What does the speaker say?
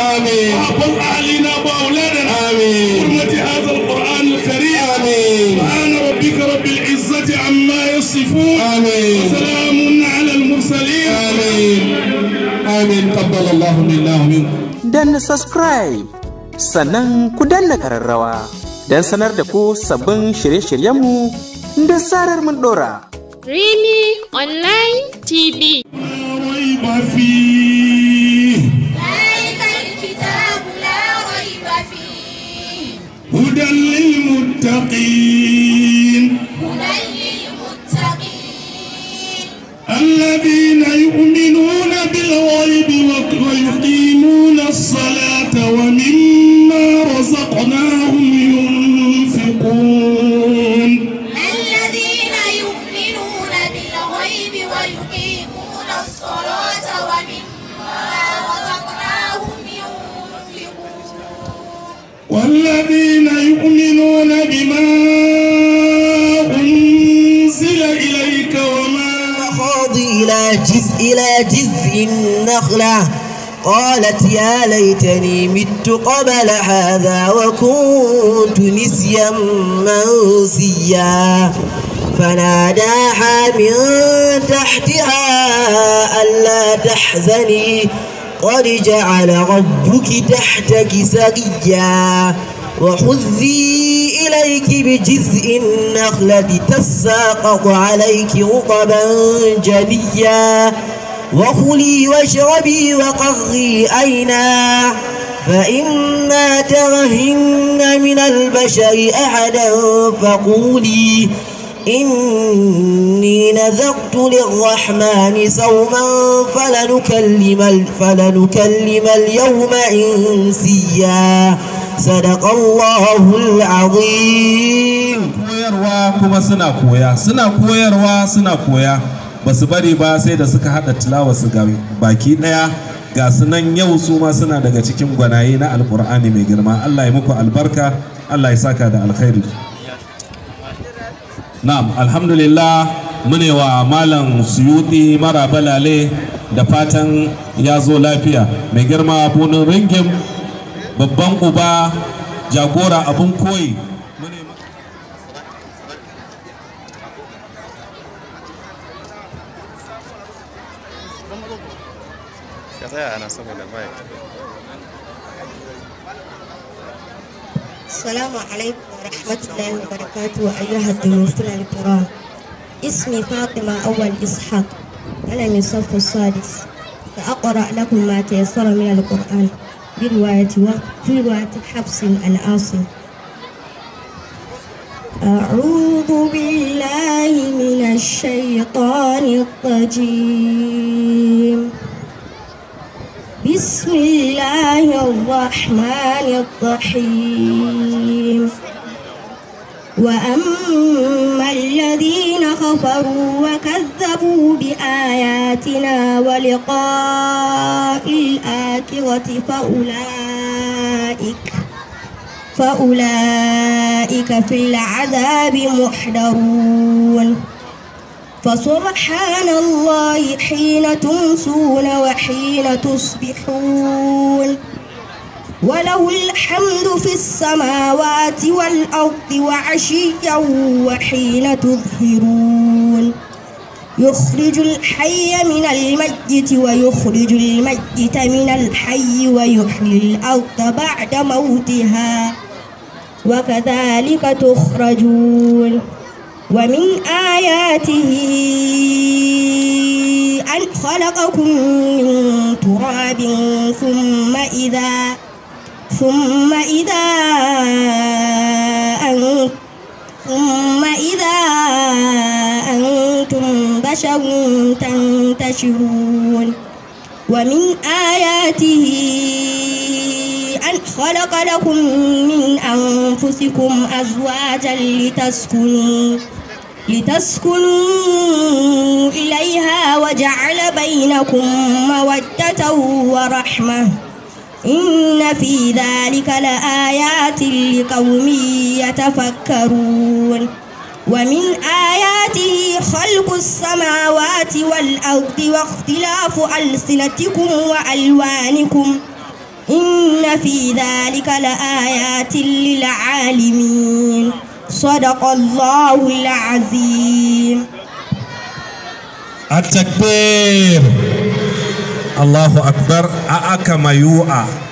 آمين وأحفظ أهلنا آمين هذا القرآن الكريم آمين سبحان ربك رب العزة عما يصفون آمين وسلام على المرسلين آمين آمين الله منا ومنكم subscribe sannan ku danna kararrawa don sanar da ku sabbin shirye-shiryenmu da zarar mun dora. Rimi Online TV. للمتقين الذين يؤمنون بالغيب ويقيمون الصلاة ومما رزقناهم إلى جزء, إلى جذع النخلة قالت يا ليتني مت قبل هذا وكنت نسيا منسيا فناداها من تحتها ألا تحزني قد جعل ربك تحتك سقيا وخذي إليك بجزء النخلة تساقط عليك رطبا جنيا وخلي واشربي وقري أينا فإما ترهن من البشر أحدا فقولي إني نذقت للرحمن صوما فلنكلم, فلنكلم اليوم إنسيا sadaqallahu alazim koyarwa kuma suna koya suna koyarwa suna koya basu bari ba sai da suka hada tilawa su ga baki daya ga su nan yau su ma suna daga cikin gwanaye na Alƙur'ani mai girma Allah ya muku albarka Allah ya saka da alkhairi na'am alhamdulillah mune wa malam suyuti mara balale da fatan ya zo lafiya mai girma bunin ringin babban uba jagora abun koyi السلام عليكم ورحمة الله وبركاته أيها الضيوفنا الكرام اسمي فاطمة أول إسحاق أنا من صف السادس فأقرأ لكم ما تيسر من القرآن برواية في رواية حفص الأصل أعوذ بالله من الشيطان الرجيم بسم الله الرحمن الرحيم وأما الذين كفروا وكذبوا بآياتنا ولقاء الآخرة فأولئك فأولئك في العذاب محضرون فسبحان الله حين تمسون وحين تصبحون وله الحمد في السماوات والأرض وعشيا وحين تظهرون يخرج الحي من الميت ويخرج الميت من الحي ويحيي الأرض بعد موتها وكذلك تخرجون ومن آياته أن خلقكم من تراب ثم إذا ثم إذا تبصرون ومن آياته أن خلق لكم من أنفسكم أزواجا لتسكنوا لتسكنوا إليها وجعل بينكم مودة ورحمة إن في ذلك لآيات لقوم يتفكرون ومن آياته خلق السماوات والأرض واختلاف ألسنتكم وألوانكم إن في ذلك لآيات للعالمين صدق الله العظيم التكبير الله أكبر أأكما يوأ